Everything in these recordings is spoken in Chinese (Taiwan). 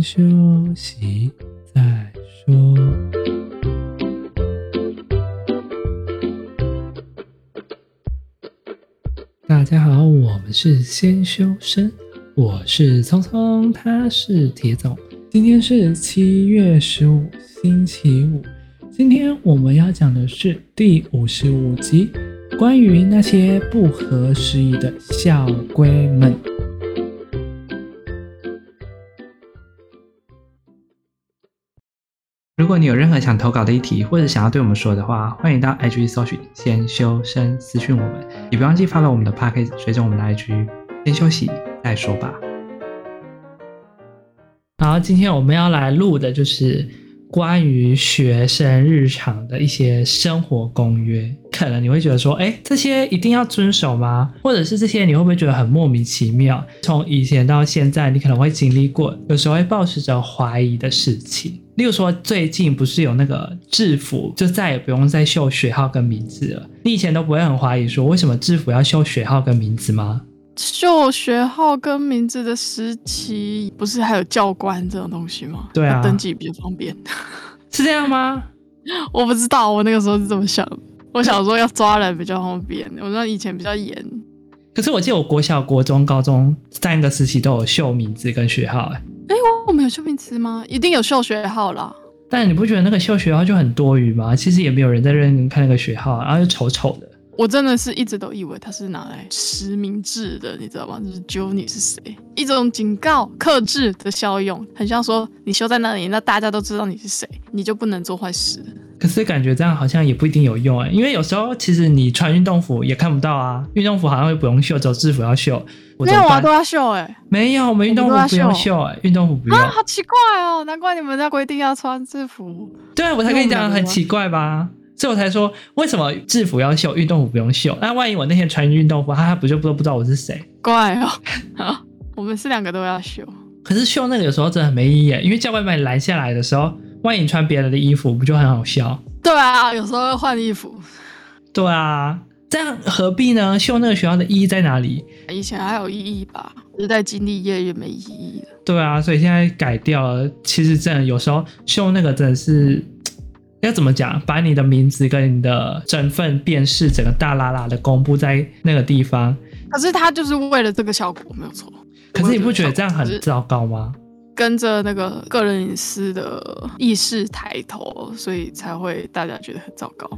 休息再說。大家好，我們是先修身，我是聰聰，他是鐵總。今天是七月十五，星期五。今天我們要講的是第五十五集，關於那些不合時宜的校規們。如果你有任何想投稿的議題，或者想要對我們說的話，歡迎到 IG 搜尋“先修身”私訊我們。也別忘記發到我們的 podcast 隨着我們的 IG。先休息再來說吧。好，今天我們要來錄的就是關於學生日常的一些生活公約。可能你會覺得說：“哎、欸，這些一定要遵守嗎？”或者是這些你會不會覺得很莫名其妙？從以前到現在，你可能會經歷過，有時候會抱持着懷疑的事情。例如說，最近不是有那個制服，就再也不用再繡學號跟名字了。你以前都不會很懷疑說，為什麼制服要繡學號跟名字嗎？繡學號跟名字的時期不是還有教官這種東西嗎？對啊，要登記比較方便， 是這樣嗎？我不知道，我那個時候是怎麼想，我想說要抓人比較方便， 我知道以前比較嚴。可是我記得我國小、國中、高中三個時期都有繡名字跟學號耶，哎、欸，我們有繡名字嗎？一定有繡學號啦。但你不覺得那個繡學號就很多餘嗎？其實也沒有人在認真看那個學號，啊，然後就醜丑的。我真的是一直都以為它是拿來實名制的，你知道嗎？就是揪你是誰，一種警告、克制的效用，很像說你繡在那裡，那大家都知道你是誰，你就不能做壞事。可是感覺這樣好像也不一定有用哎、欸，因為有時候其實你穿運動服也看不到啊。運動服好像會不用繡，只有制服要繡。沒有、啊，我都要繡哎、欸。沒有，我們運動服不用繡哎，運動服不用。啊，好奇怪哦，難怪你們家規定要穿制服。對，我才跟你講，很奇怪吧？所以我才說，為什麼制服要繡，運動服不用繡。那萬一我那天穿運動服，他不就不不知道我是誰？怪哦。好， 我們是兩個都要繡。可是繡那個有時候真的很沒意義、欸，因為叫外賣攔下來的時候。萬一你穿別人的衣服不就很好笑？對啊，有時候會換衣服。對啊，這樣何必呢？秀那個學校的意義在哪裡？以前還有意義吧，時在經歷越來越沒意義。對啊，所以現在改掉了。其實真的有時候秀那個真的是要怎麼講？把你的名字跟你的身份、辨識，整個大啦啦的公布在那個地方。可是他就是為了這個效果，沒有錯。可是你不覺得這樣很糟糕嗎？跟着那個個人隱私的意識抬頭，所以才會大家覺得很糟糕。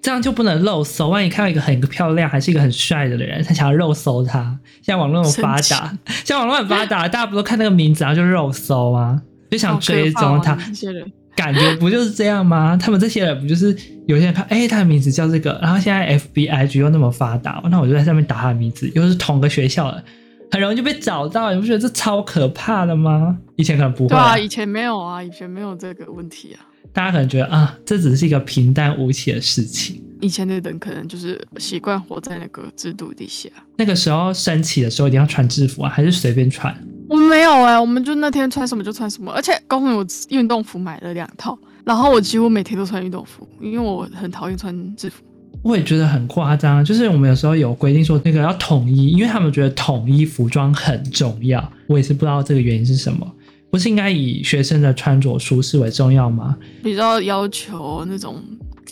這樣就不能肉搜。萬一看到一個很漂亮，還是一個很帥的人，他想要肉搜他。現在網絡那麼發達，現在網絡很發達， 大家不都看那個名字，然後就肉搜啊，就想追蹤他。哦、這些人 感覺不就是這樣嗎？他們這些人不就是有些人看，哎，他的名字叫這個，然後現在 FBI 局又那麼發達，那我就在上面打他的名字，又是同個學校的。很容易就被找到，你不覺得這超可怕的嗎？以前可能不會、啊，對啊，以前沒有啊，以前沒有這個問題啊。大家可能覺得啊，這只是一個平淡無奇的事情。以前的人可能就是習慣活在那個制度底下。那個時候升旗的時候一定要穿制服啊，還是隨便穿？我們沒有啊、欸，我們就那天穿什麼就穿什麼。而且，剛訴你，我運動服買了兩套，然後我幾乎每天都穿運動服，因為我很討厭穿制服。我也覺得很誇張，就是我們有時候有規定說那個要統一，因為他們覺得統一服裝很重要。我也是不知道這個原因是什麼，不是應該以學生的穿着舒適為重要嗎？比較要求那種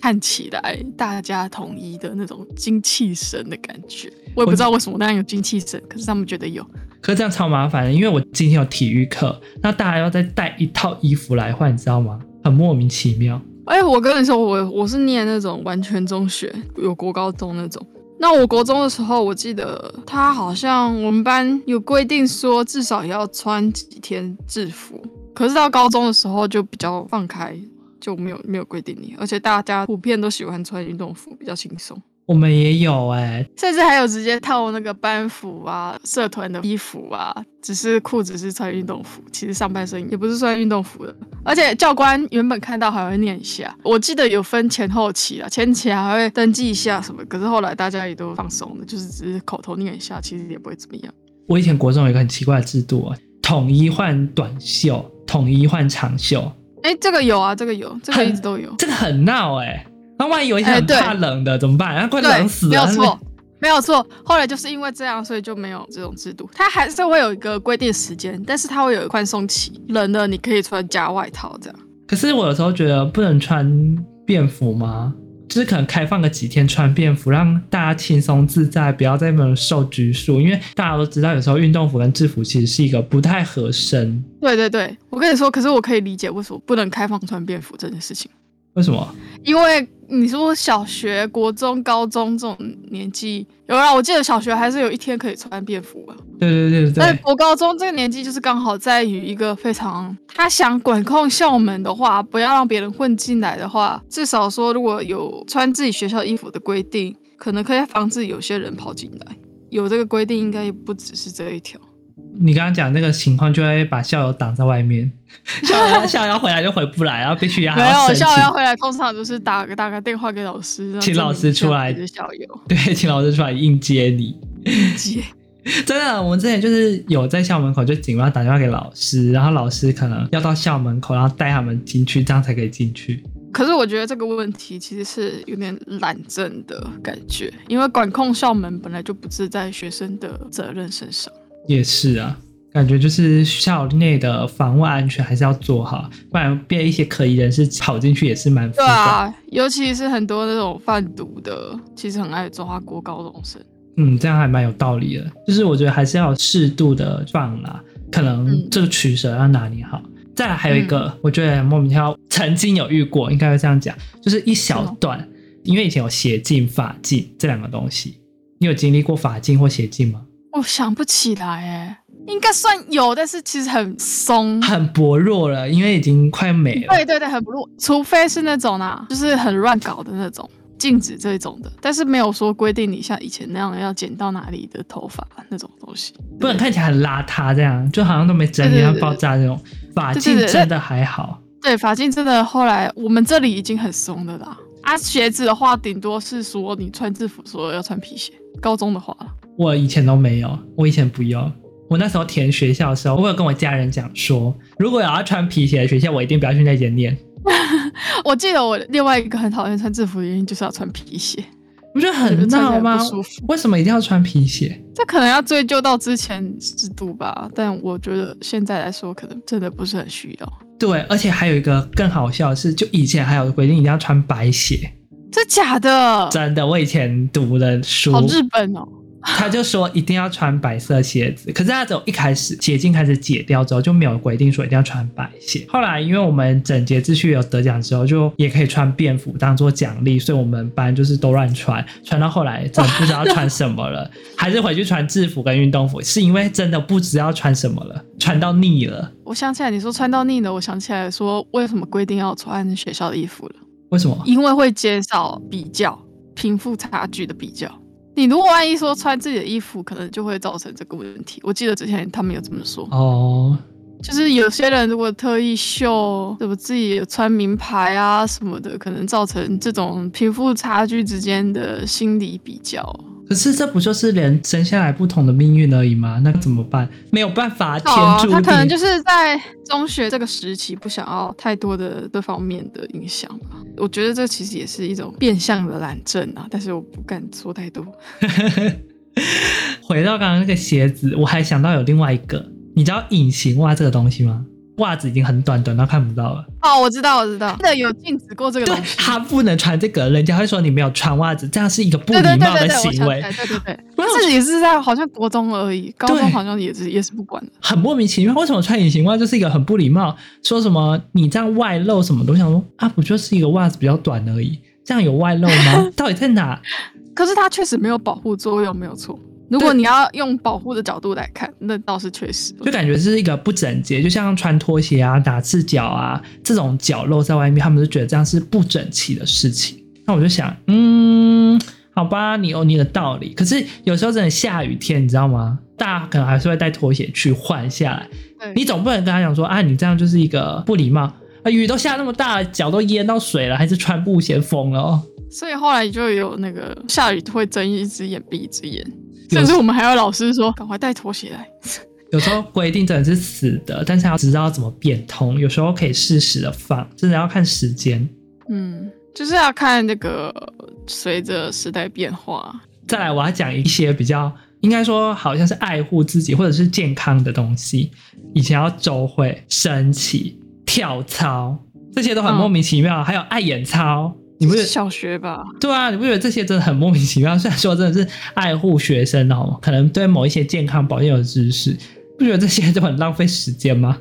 看起來大家統一的那種精氣神的感覺。我也不知道為什麼那樣有精氣神，可是他們覺得有。可是這樣超麻煩的，因為我今天有體育課，那大家要再帶一套衣服來換，你知道嗎？很莫名其妙。哎、欸，我跟你說，我我是念那種完全中學，有國高中那種。那我國中的時候，我記得他好像我們班有規定說，至少也要穿幾天制服。可是到高中的時候就比較放開，就沒有沒有規定你，而且大家普遍都喜歡穿運動服，比較輕鬆。我們也有欸，甚至還有直接套那個班服啊、社團的衣服啊，只是褲子是穿運動服。其實上半身也不是穿運動服的。而且教官原本看到還會念一下，我記得有分前後期啊，前期還會登記一下什麼，可是後來大家也都放鬆了，就是只是口頭念一下，其實也不會怎麼樣。我以前國中有一個很奇怪的制度啊，統一換短袖，統一換長袖。欸，這個有啊，這個有，這個一直都有，這個很鬧欸。那萬一有一些很怕冷的、欸、怎麼辦？那、啊、快冷死了、啊！沒錯，沒有錯。後來就是因為這樣，所以就沒有這種制度。它還是會有一個規定時間，但是它會有一個寬鬆期，冷的你可以穿加外套這樣。可是我有時候覺得不能穿便服嗎？就是可能開放個幾天穿便服，讓大家輕鬆自在，不要在那邊受拘束。因為大家都知道，有時候運動服跟制服其實是一個不太合身。對對對，我跟你說，可是我可以理解為什麼不能開放穿便服這件事情。為什麼？因為你說小學、國中、高中這種年紀，有啊，我記得小學還是有一天可以穿便服啊。對對對對，對。在國高中這個年紀，就是剛好在於一個非常，他想管控校門的話，不要讓別人混進來的話，至少說如果有穿自己學校衣服的規定，可能可以防止有些人跑進來。有這個規定，應該也不只是這一條。你剛剛講那個情況，就會把校友擋在外面， 校友要校友要回來就回不來，然後必須 沒有校友要回來，通常就是打個打個電話給老師，請老師出來校友，對，請老師出來應接你應接。 真的，我們之前就是有在校門口就警，然後打電話給老師，然後老師可能要到校門口，然後帶他們進去，這樣才可以進去。可是我覺得這個問題其實是有點懶政的感覺，因為管控校門本來就不是在學生的責任身上。也是啊，感覺就是校內的防衛安全還是要做好，不然被一些可疑人士跑進去也是蠻煩的。對啊，尤其是很多那種販毒的，其實很愛抓過高中生。嗯，這樣還蠻有道理的，就是我覺得還是要適度的放啦，可能這個取舍要拿捏好。再來還有一個，嗯、我覺得莫名其妙曾經有遇過，應該會這樣講，就是一小段，啊、因為以前有鞋禁、髮禁這兩個東西，你有經歷過髮禁或鞋禁嗎？我想不起來哎、欸，應該算有，但是其實很鬆，很薄弱了，因為已經快沒了。對對對，很薄弱，除非是那種啊，就是很亂搞的那種，禁止這種的，但是沒有說規定你像以前那樣要剪到哪裡的頭髮那種東西，不然看起來很邋遢，這樣就好像都沒整理、啊，要爆炸那種。髮禁真的還好，對，對，對，對，對，對，髮禁真的後來我們這裡已經很鬆的啦、啊。啊，鞋子的話，頂多是說你穿制服說要穿皮鞋，高中的話了。我以前都沒有，我以前不用。我那時候填學校的時候，我有跟我家人講說，如果有要穿皮鞋的學校，我一定不要去那間念。 我記得我另外一個很討厭穿制服的原因就是要穿皮鞋，不是很鬧嗎？就是、不舒服？為什麼一定要穿皮鞋？這可能要追究到之前制度吧，但我覺得現在來說可能真的不是很需要。對，而且還有一個更好笑的是，就以前還有規定一定要穿白鞋，這假的？真的，我以前讀的書好日本哦。他就說一定要穿白色鞋子，可是他從一開始鞋禁開始解掉之後就沒有規定說一定要穿白鞋。後來因為我們整節秩序有得獎之後就也可以穿便服當做獎勵，所以我們班就是都亂穿，穿到後來真的不知道穿什麼了， 還是回去穿制服跟運動服，是因為真的不知道穿什麼了，穿到膩了。我想起來你說穿到膩了，我想起來說，為什麼規定要穿學校的衣服了？為什麼？因為會減少比較貧富差距的比較。你如果萬一說穿自己的衣服，可能就會造成這個問題。我記得之前他們有這麼說，哦、oh.，就是有些人如果特意秀，怎麼自己有穿名牌啊什麼的，可能造成這種貧富差距之間的心理比較。可是這不就是人生下來不同的命運而已嗎？那怎麼辦？沒有辦法，天註定、啊。他可能就是在中學這個時期不想要太多的這方面的影響吧。我覺得這其實也是一種變相的懶政啊，但是我不敢做太多。 回到剛剛那個鞋子，我還想到有另外一個，你知道隱形襪這個東西嗎？襪子已經很短,短，短到看不到了。哦，我知道，我知道，真的有禁止過這個東西。對，他不能穿這個，人家會說你沒有穿襪子，這樣是一個不禮貌的行為。對對對,對,對,對,對,對,對，不是也是在好像國中而已，高中好像也是也是不管的。很莫名其妙，為什麼穿隱形襪就是一個很不禮貌？說什麼你這樣外露什麼我想說啊，不就是一個襪子比較短而已，這樣有外露嗎？ 到底在哪？可是它確實沒有保護作用，沒有錯。如果你要用保護的角度來看，那倒是確實，就感覺是一個不整潔，就像穿拖鞋啊、打赤腳啊這種腳露在外面，他們就覺得這樣是不整齊的事情。那我就想，嗯，好吧，你有你的道理。可是有時候真的下雨天，你知道嗎？大家可能還是會帶拖鞋去換下來。你總不能跟他講說啊，你這樣就是一個不禮貌啊，雨都下那麼大，腳都淹到水了，還是穿布鞋瘋了哦。所以後來就有那個下雨會睜一隻眼閉一隻眼。甚至我們還有老師說，趕快帶拖鞋來。有時候規定真的是死的， 但是要知道怎麼變通。有時候可以適時的放，真的要看時間。嗯，就是要看那個隨着時代變化。再來，我要講一些比較應該說好像是愛護自己或者是健康的東西。以前要週會、升旗、跳操，這些都很莫名其妙。嗯、還有愛眼操。你不是小學吧？對啊，你不覺得這些真的很莫名其妙？雖然說真的是愛護學生哦，可能對某一些健康保健有知識，不覺得這些就很浪費時間嗎？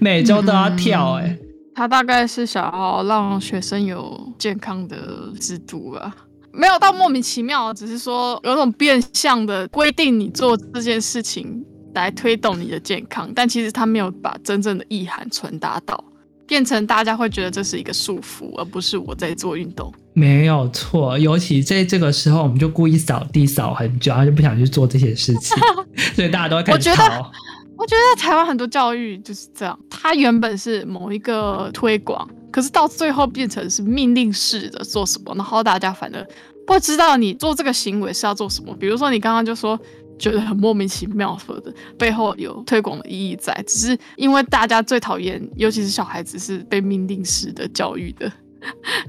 每周都要跳、欸，哎、嗯，他大概是想要讓學生有健康的制度吧？沒有到莫名其妙，只是說有種變相的規定，你做這件事情來推動你的健康，但其實他沒有把真正的意涵傳達到。變成大家會覺得這是一個束縛，而不是我在做運動。沒有錯，尤其在這個時候，我們就故意掃地掃很久，然後就不想去做這些事情， 所以大家都要開始我覺得，我覺得台灣很多教育就是這樣，它原本是某一個推廣，可是到最後變成是命令式的做什麼，然後大家反而不知道你做這個行為是要做什麼。比如說你剛剛就說。覺得很莫名其妙，說的背後有推廣的意義在，只是因為大家最討厭，尤其是小孩子是被命令式的教育的，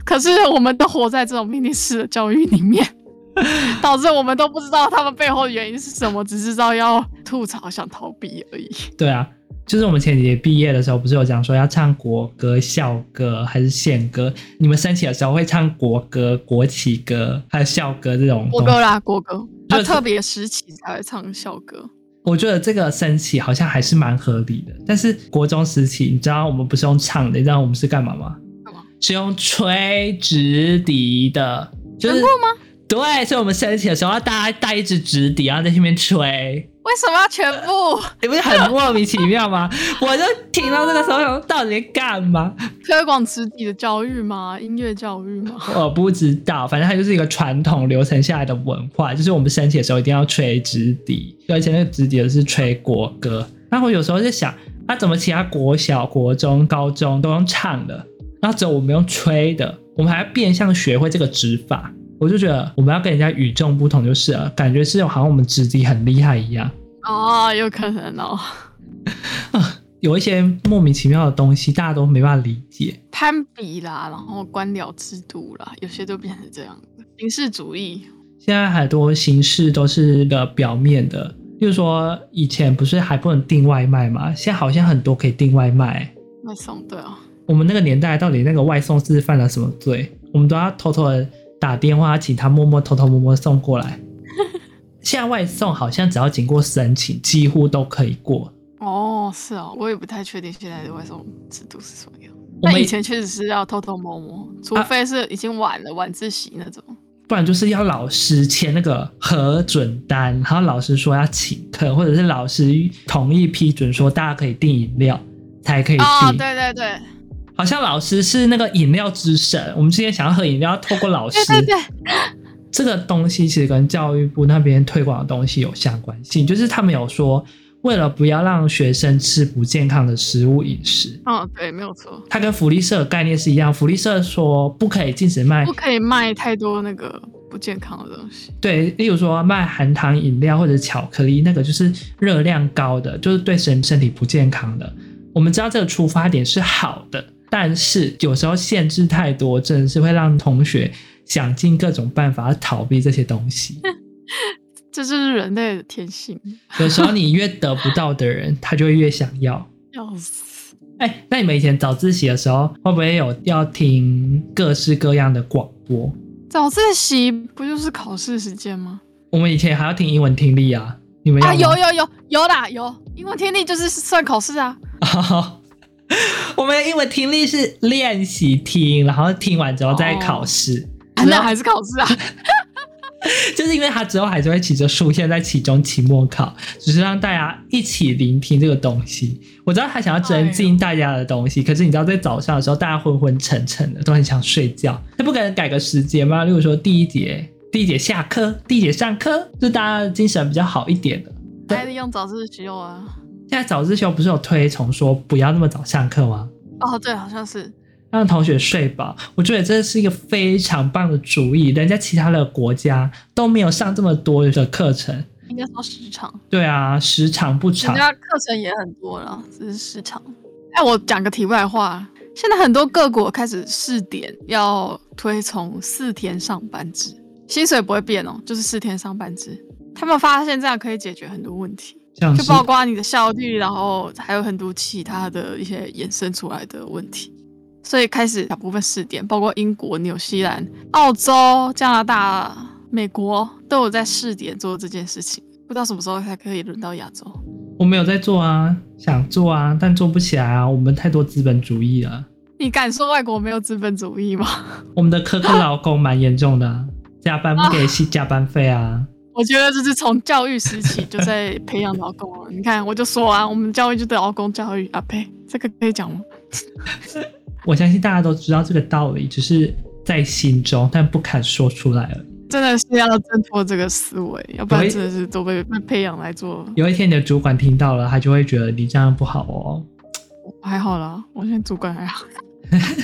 可是我們都活在這種命令式的教育裡面， 導致我們都不知道他們背後的原因是什麼，只知道要吐槽、想逃避而已。對啊，就是我們前幾天畢業的時候，不是有講說要唱國歌、校歌還是獻歌？你們升旗的時候會唱國歌、國旗歌還有校歌這種？國歌啦，國歌。就他特別時期才會唱校歌，我覺得這個升旗好像還是蠻合理的。但是國中時期，你知道我們不是用唱的，你知道我們是幹嘛嗎？嘛是用吹直笛的，難、就是、過嗎？對，所以我們升旗的時候要大家帶一支直笛，然後在下面吹。為什麼要全部？你不是很莫名其妙嗎？ 我就聽到這個時候想，到底在幹嘛？推廣直笛的教育嗎？音樂教育嗎？我不知道，反正它就是一個傳統流傳下來的文化，就是我們升旗的時候一定要吹直笛，而且那個直笛是吹國歌。那我有時候就想，那、啊、怎麼其他國小、國中、高中都用唱的，那只有我們用吹的，我們還要變相學會這個指法。我就覺得我們要跟人家與眾不同，就是了感覺是好像我們自己很厲害一樣哦，oh, 有可能哦， 有一些莫名其妙的東西大家都沒辦法理解，攀比啦，然後官僚制度啦，有些都變成這樣形式主義。現在很多形式都是個表面的，就是說以前不是還不能訂外賣嘛，現在好像很多可以訂外賣外送，對啊，哦，我們那個年代到底那個外送是犯了什麼罪？我們都要偷偷的。打電話請他默默偷偷摸摸送過來。現在外送好像只要經過申請，幾乎都可以過。哦，是哦，我也不太確定現在的外送制度是什麼樣。但以前確實是要偷偷摸摸，除非是已經晚了晚、啊、自習那種，不然就是要老師簽那個核准單，然後老師說要請客，或者是老師同意批准說大家可以訂飲料，才可以訂。啊、哦，對對對、對。好像老師是那個飲料之神，我們之前想要喝飲料，要透過老師。 對對對。這個東西其實跟教育部那邊推廣的東西有相關性，就是他們有說，為了不要讓學生吃不健康的食物飲食。哦，對，沒有錯。它跟福利社的概念是一樣，福利社說不可以禁止賣，不可以賣太多那個不健康的東西。對，例如說賣含糖飲料或者巧克力，那個就是熱量高的，就是對身身體不健康的。我們知道這個出發點是好的。但是有時候限制太多，真的是會讓同學想盡各種辦法逃避這些東西。 這就是人類的天性。 有時候你越得不到的人，他就會越想要。要死！哎、欸，那你們以前早自習的時候，會不會有要聽各式各樣的廣播？早自習不就是考試時間嗎？我們以前還要聽英文聽力啊！你們、啊、有有有有啦，有英文聽力就是算考試啊。 我們因為聽力是練習聽，然後聽完之後再考試。哦啊，那還是考試啊？ 就是因為他之後還是會騎着書，出現在期中、期末考，只是讓大家一起聆聽這個東西。我知道他想要增進大家的東西。哎，可是你知道在早上的時候，大家昏昏沉沉的，都很想睡覺，他不可能改個時間嗎？例如說第一節、第一節下課、第一節上課，就大家精神比較好一點的，還是用早自習啊？現在早自修不是有推崇說不要那麼早上課嗎？哦，對，好像是讓同學睡飽。我覺得這是一個非常棒的主意。人家其他的國家都沒有上這麼多的課程，應該說時長。對啊，時長不長，人家課程也很多了，只是時長。哎，我講個題外話，現在很多各國開始試點要推崇四天上班制，薪水不會變哦，就是四天上班制。他們發現這樣可以解決很多問題。就包括你的效率，然後還有很多其他的一些衍生出來的問題，所以開始小部分試點，包括英國、紐西蘭、澳洲、加拿大、美國都有在試點做這件事情，不知道什麼時候才可以輪到亞洲。我沒有在做啊，想做啊，但做不起來啊，我們太多資本主義了。你敢說外國沒有資本主義嗎？我們的苛刻勞工蠻嚴重的， 加班不給薪加班費啊。 我覺得這是從教育時期就在培養勞工 你看，我就說完，我們教育就對勞工教育啊。呸，這個可以講嗎？我相信大家都知道這個道理，只，就是在心中，但不肯說出來了。真的是要掙脫這個思維，要不然真的是都被被培養來做有。有一天你的主管聽到了，他就會覺得你這樣不好哦。還好啦，我現在主管還好。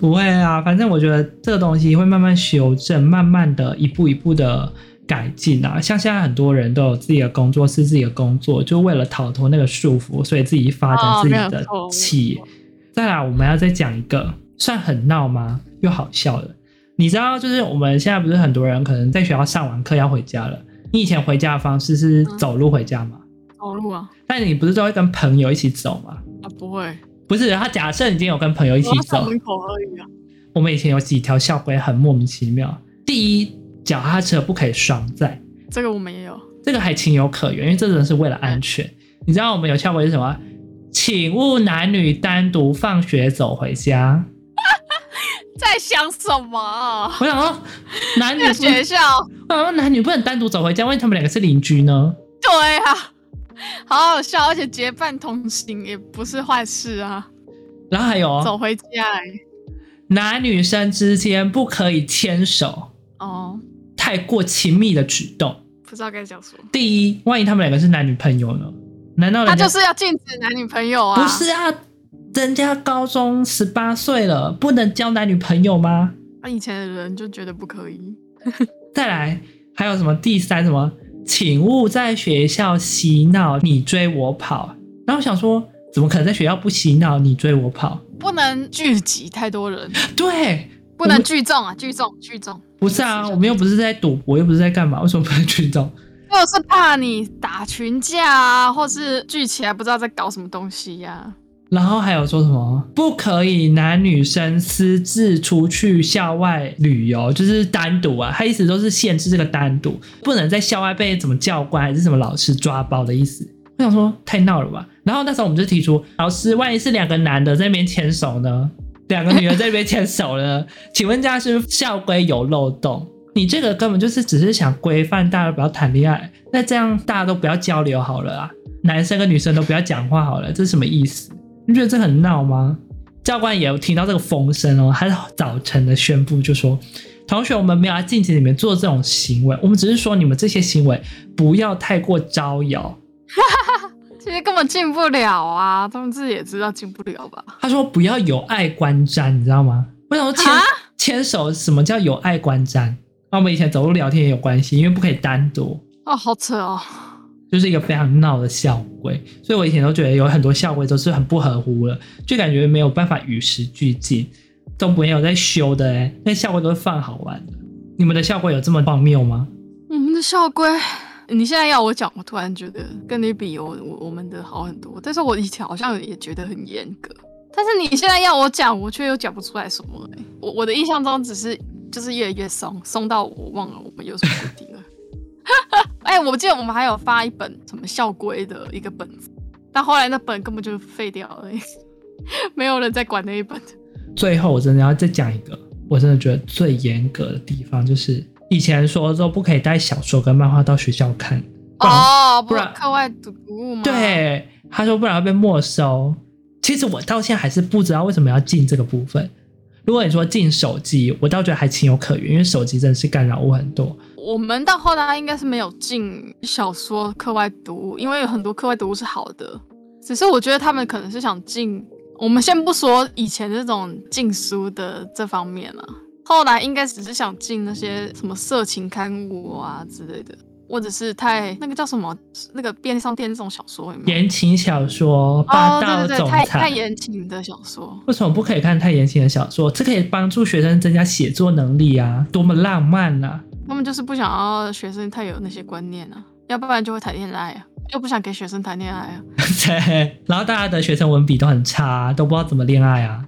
不會啊，反正我覺得這個東西會慢慢修正，慢慢的一步一步的改進啊。像現在很多人都有自己的工作室，是自己的工作，就為了逃脫那個束縛，所以自己發展自己的企業。哦、再來，我們要再講一個，算很鬧嗎？又好笑的。你知道，就是我們現在不是很多人可能在學校上完課要回家了。你以前回家的方式是走路回家嗎？走路啊。但你不是都會跟朋友一起走嗎？啊，不會。不是，他假設你今天有跟朋友一起走，我、啊、我們以前有幾條校規很莫名其妙。第一，腳踏車不可以雙載，這個我們也有，這個還情有可原，因為這真的是為了安全。你知道我們有校規是什麼？請勿男女單獨放學走回家。 在想什麼、啊？我想說男女 學校，我想說男女不能單獨走回家，萬一他們兩個是鄰居呢？對啊。好好笑，而且結伴同行也不是壞事啊。然後還有啊，走回家來。男女生之間不可以牽手哦，太過親密的舉動，不知道該怎麼說。第一，萬一他們兩個是男女朋友呢？難道他就是要禁止男女朋友啊？不是啊，人家高中十八歲了，不能交男女朋友嗎？那以前的人就覺得不可以。 再來，還有什麼？第三什麼？請勿在學校嬉鬧，你追我跑。然後我想說，怎麼可能在學校不嬉鬧、你追我跑？不能聚集太多人，對，不能聚眾啊！聚眾，聚眾，不是啊，不是啊，我們又不是在賭博，我又不是在幹嘛，為什麼不能聚眾？就是怕你打群架啊，或是聚起來不知道在搞什麼東西呀、啊。然後還有說什麼不可以男女生私自出去校外旅遊，就是單獨啊，他意思都是限制這個單獨，不能在校外被什麼教官還是什麼老師抓包的意思。我想說太鬧了吧。然後那時候我們就提出，老師，萬一是兩個男的在那邊牽手呢，兩個女的在那邊牽手呢， 請問這樣是不是校規有漏洞？你這個根本就是只是想規範大家不要談戀愛，那這樣大家都不要交流好了啊，男生跟女生都不要講話好了，這是什麼意思？你覺得這很鬧嗎？教官也聽到這個風聲哦，他早晨的宣布就說：“同學，我們沒有在禁止裡面做這種行為，我們只是說你們這些行為不要太過招搖。哈哈哈哈”其實根本進不了啊，他們自己也知道進不了吧？他說：“不要有礙觀瞻，你知道嗎？”為什麼牽牽手？什麼叫有礙觀瞻？那我們以前走路聊天也有關係，因為不可以單獨。哦。好扯哦。就是一個非常鬧的校規，所以我以前都覺得有很多校規都是很不合乎了，就感覺沒有辦法與時俱進，都沒有在修的哎、欸，那校規都是放好玩的。你們的校規有這麼荒謬嗎？我們的校規，你現在要我講，我突然覺得跟你比我我們的好很多，但是我以前好像也覺得很嚴格，但是你現在要我講，我卻又講不出來什麼、欸、我我的印象中只是就是越來越鬆，鬆到我,我忘了我們有什麼規定。 哎、 欸，我記得我們還有發一本什麼校規的一個本子，但後來那本根本就廢掉而已，沒有人再管那一本。最後我真的要再講一個，我真的覺得最嚴格的地方就是以前說說不可以帶小說跟漫畫到學校看，哦，不然課外讀物嗎？對，他說不然會被沒收。其實我到現在還是不知道為什麼要禁這個部分。如果你說禁手機，我倒覺得還情有可原，因為手機真的是干擾物很多。我們到後來應該是沒有禁小說、課外讀物，因為有很多課外讀物是好的。只是我覺得他們可能是想禁我們，先不說以前這種禁書的這方面了、啊，後來應該只是想禁那些什麼色情刊物啊之類的，或者是太那個叫什麼那個便利商店這種小說有沒有言情小說、霸道總裁、哦、對對對，太言情的小說，為什麼不可以看太言情的小說？這可以幫助學生增加寫作能力啊！多麼浪漫啊！他們就是不想要學生太有那些觀念啊，要不然就會談戀愛啊，又不想給學生談戀愛啊。 然後大家的學生文筆都很差，都不知道怎麼戀愛啊。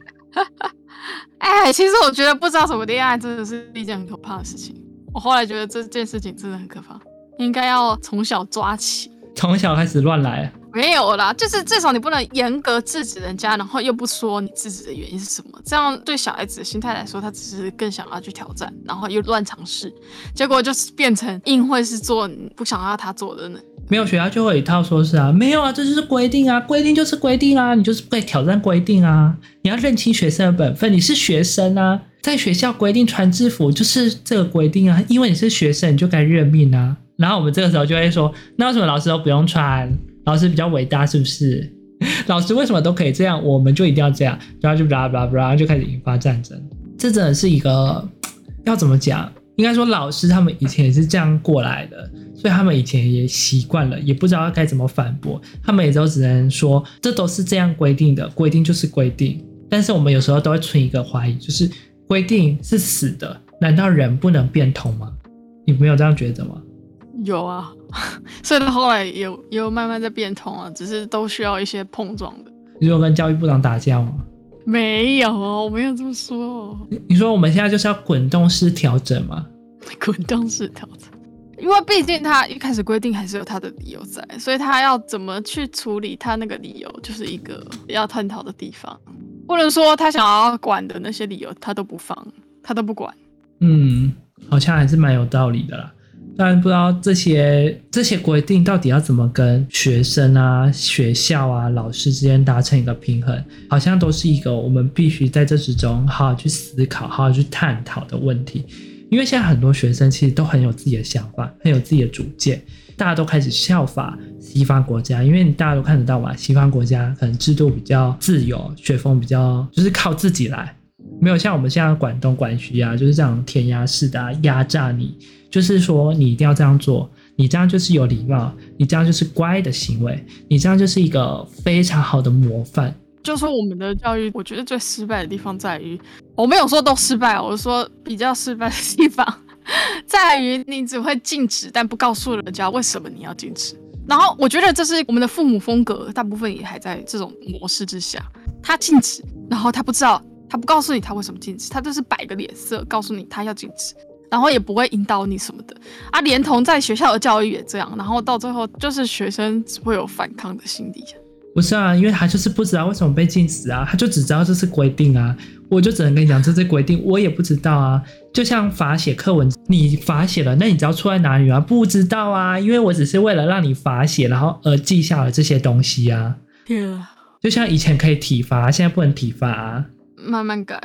哎、 欸，其實我覺得不知道什麼戀愛真的是一件很可怕的事情。我後來覺得這件事情真的很可怕，應該要從小抓起，從小開始亂來。沒有啦，就是至少你不能嚴格制止人家，然後又不說你制止的原因是什麼。這樣對小孩子的心態來說，他只是更想要去挑戰，然後又亂嘗試，結果就是變成硬會是做你不想要他做的呢。沒有學校就會有一套說事啊，沒有啊，這就是規定啊，規定就是規定啊，你就是不可以挑戰規定啊。你要認清學生的本分，你是學生啊，在學校規定穿制服，就是這個規定啊，因為你是學生，你就該認命啊。然後我們這個時候就會說，那為什麼老師都不用穿？老師比較偉大，是不是？ 老師為什麼都可以這樣，我們就一定要這樣？然後就 blah blah blah，然後就開始引發戰爭。這真的是一個要怎麼講？應該說老師他們以前也是這樣過來的，所以他們以前也習慣了，也不知道該怎麼反駁。他們也都只能說，這都是這樣規定的，規定就是規定。但是我們有時候都會存一個懷疑，就是規定是死的，難道人不能變通嗎？你沒有這樣覺得嗎？有啊。所以他後來也有，有慢慢在變通了，只是都需要一些碰撞的。你有跟教育部長打架嗎？沒有哦，我沒有這麼說哦。你，你說我們現在就是要滾動式調整嗎？滾動式調整，因為畢竟他一開始規定還是有他的理由在，所以他要怎麼去處理他那個理由，就是一個要探討的地方。不能說他想要管的那些理由他都不放，他都不管。嗯，好像還是蠻有道理的啦。當然不知道這些這些規定到底要怎麼跟學生啊、學校啊、老師之間達成一個平衡，好像都是一個我們必須在這之中好好去思考、好好去探討的問題。因為現在很多學生其實都很有自己的想法，很有自己的主見，大家都開始效法西方國家，因為大家都看得到嘛，西方國家可能制度比較自由，學風比較就是靠自己來，沒有像我們現在管東管西啊，就是這樣填鴨式的、啊、壓榨你。就是說，你一定要這樣做，你這樣就是有禮貌，你這樣就是乖的行為，你這樣就是一個非常好的模範。就是說我們的教育，我覺得最失敗的地方在於，我沒有說都失敗，我是說比較失敗的地方在於，你只會禁止，但不告訴人家為什麼你要禁止。然後我覺得這是我們的父母風格，大部分也還在這種模式之下，他禁止，然後他不知道，他不告訴你他為什麼禁止，他就是擺個臉色告訴你他要禁止。然後也不會引導你什麼的啊，連同在學校的教育也這樣，然後到最後就是學生只會有反抗的心理。不是啊，因為他就是不知道為什麼被禁止啊，他就只知道這是規定啊。我就只能跟你講，這是規定，我也不知道啊。就像罰寫課文，你罰寫了，那你知道錯在哪裡嗎？不知道啊，因為我只是為了讓你罰寫，然後而記下了這些東西啊。天啊！就像以前可以體罰，現在不能體罰啊，慢慢改。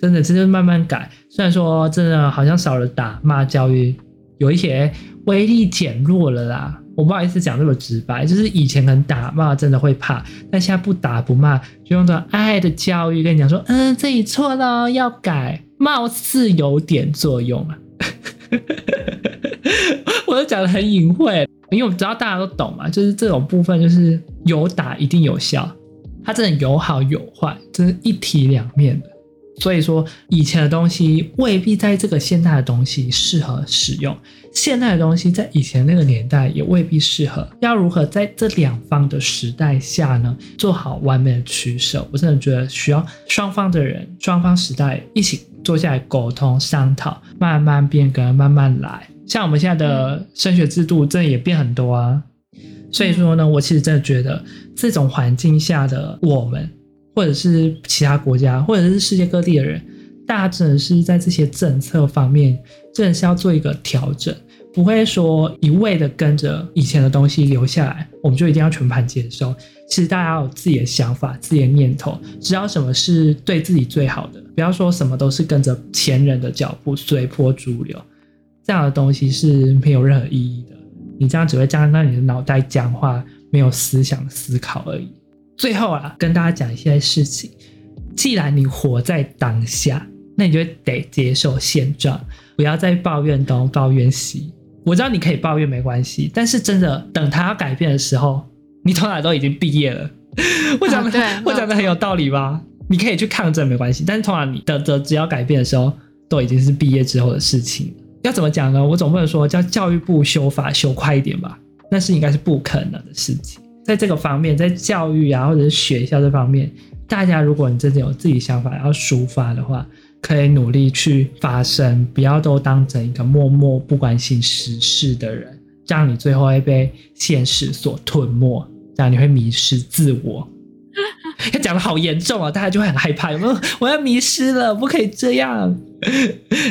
真的，這就慢慢改。雖然說，真的好像少了打罵教育，有一些威力減弱了啦。我不好意思講這麼直白，就是以前很打罵，罵真的會怕。但現在不打不罵，就用這種愛的教育跟你講說：“嗯，這裡錯了，要改。”貌似有點作用啊。 我都講的很隱晦、欸，因為我知道大家都懂嘛。就是這種部分，就是有打一定有效，它真的有好有壞，真是一體兩面的。所以說，以前的東西未必在這個現代的東西適合使用，現代的東西在以前那個年代也未必適合。要如何在這兩方的時代下呢，做好完美的取捨？我真的覺得需要雙方的人、雙方時代一起坐下來溝通、商討，慢慢變更，慢慢來。像我們現在的升學制度，真的也變很多啊。所以說呢，我其實真的覺得這種環境下的我們。或者是其他國家，或者是世界各地的人，大家只能是在這些政策方面，真的是要做一個調整，不會說一味的跟着以前的東西留下來，我們就一定要全盤接收。其實大家有自己的想法、自己的念頭，知道什麼是對自己最好的。不要說什麼都是跟着前人的腳步、隨波逐流，這樣的東西是沒有任何意義的。你這樣只會站在你的腦袋講話，沒有思想思考而已。最後啊，跟大家講一些事情。既然你活在當下，那你就得接受現狀，不要再抱怨東抱怨西。我知道你可以抱怨，沒關係。但是真的，等他要改變的時候，你從來都已經畢業了。 我講的，啊、對我講的很有道理吧？你可以去抗爭，沒關係。但是通常你的的只要改變的時候，都已經是畢業之後的事情。要怎麼講呢？我總不能說叫教育部修法修快一點吧？那是應該是不可能的事情。在這個方面，在教育啊，或者是學校這方面，大家如果你真的有自己想法要抒發的話，可以努力去發聲，不要都當成一個默默不關心時事的人，這樣你最後會被現實所吞沒，這樣你會迷失自我。 他講得好嚴重啊，大家就會很害怕，有沒有？我要迷失了，不可以這樣，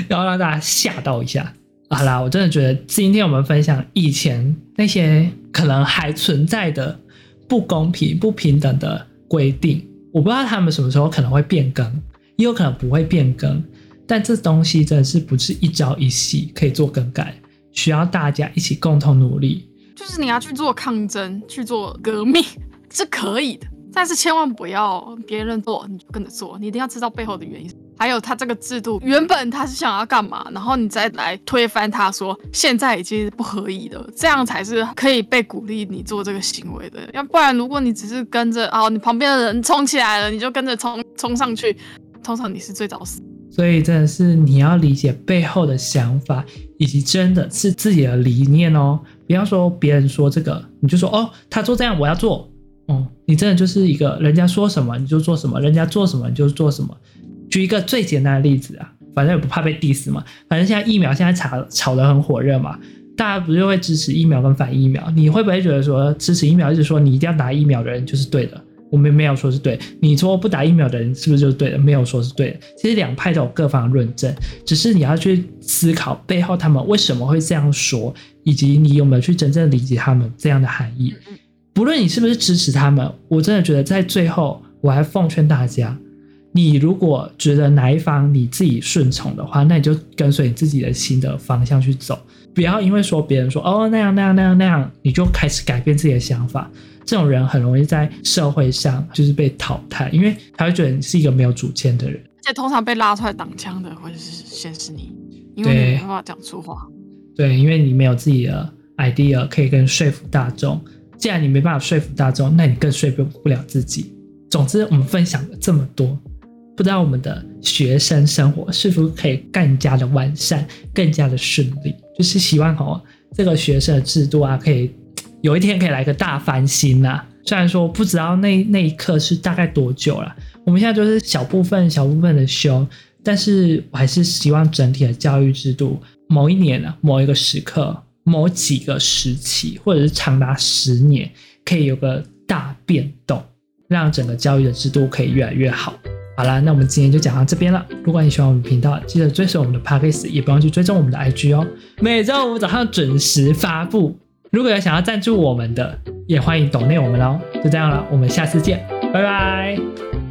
然後讓大家嚇到一下。好啦，我真的覺得今天我們分享以前那些可能還存在的。不公平、不平等的規定，我不知道他們什麼時候可能會變更，也有可能不會變更。但這東西真的是不是一朝一夕可以做更改，需要大家一起共同努力。就是你要去做抗爭，去做革命，是可以的。但是千萬不要別人做你就跟着做，你一定要知道背後的原因。還有他這個制度原本他是想要幹嘛，然後你再來推翻他說，說現在已經不合宜了，這樣才是可以被鼓勵你做這個行為的。要不然，如果你只是跟着啊、哦，你旁邊的人衝起來了，你就跟着衝衝上去，通常你是最早死。所以真的是你要理解背後的想法，以及真的是自己的理念哦。不要說別人說這個你就說哦，他做這樣我要做哦。嗯你真的就是一個人家說什麼你就做什麼，人家做什麼你就做什麼。舉一個最簡單的例子啊，反正也不怕被 diss 嘛，反正現在疫苗現在炒炒得很火熱嘛，大家不是會支持疫苗跟反疫苗？你會不會覺得說支持疫苗就是說你一定要打疫苗的人就是對的？我們沒有說是對，你說不打疫苗的人是不是就是對的？沒有說是對的。其實兩派都有各方論證，只是你要去思考背後他們為什麼會這樣說，以及你有沒有去真正理解他們這樣的含義。無論你是不是支持他們，我真的覺得在最後，我還奉勸大家：你如果覺得哪一方你自己順從的話，那你就跟隨你自己的心的方向去走，不要因為說，別人說哦那樣那樣那樣那樣，你就開始改變自己的想法。這種人很容易在社會上就是被淘汰，因為他會覺得你是一個沒有主見的人，而且通常被拉出來擋槍的，或者是先是你，對，沒辦法講粗話。對，對，因為你沒有自己的 idea 可以跟說服大眾。既然你沒辦法說服大眾，那你更說服不了自己。總之，我們分享了這麼多，不知道我們的學生生活是否可以更加的完善、更加的順利。就是希望哦，這個學生的制度啊，可以，有一天可以來個大翻新吶、啊。雖然說不知道那那一刻是大概多久了，我們現在就是小部分、小部分的修，但是我還是希望整體的教育制度某一年啊、某一個時刻。某幾個時期，或者是長達十年，可以有個大變動，讓整個教育的制度可以越來越好。好了，那我們今天就講到這邊了。如果你喜歡我們頻道，記得追隨我們的 p o c k e s 也不用去追蹤我們的 IG 哦。每周我們早上準時發布。如果有想要贊助我們的，也歡迎 d o 我們哦。就這樣了，我們下次見，拜拜。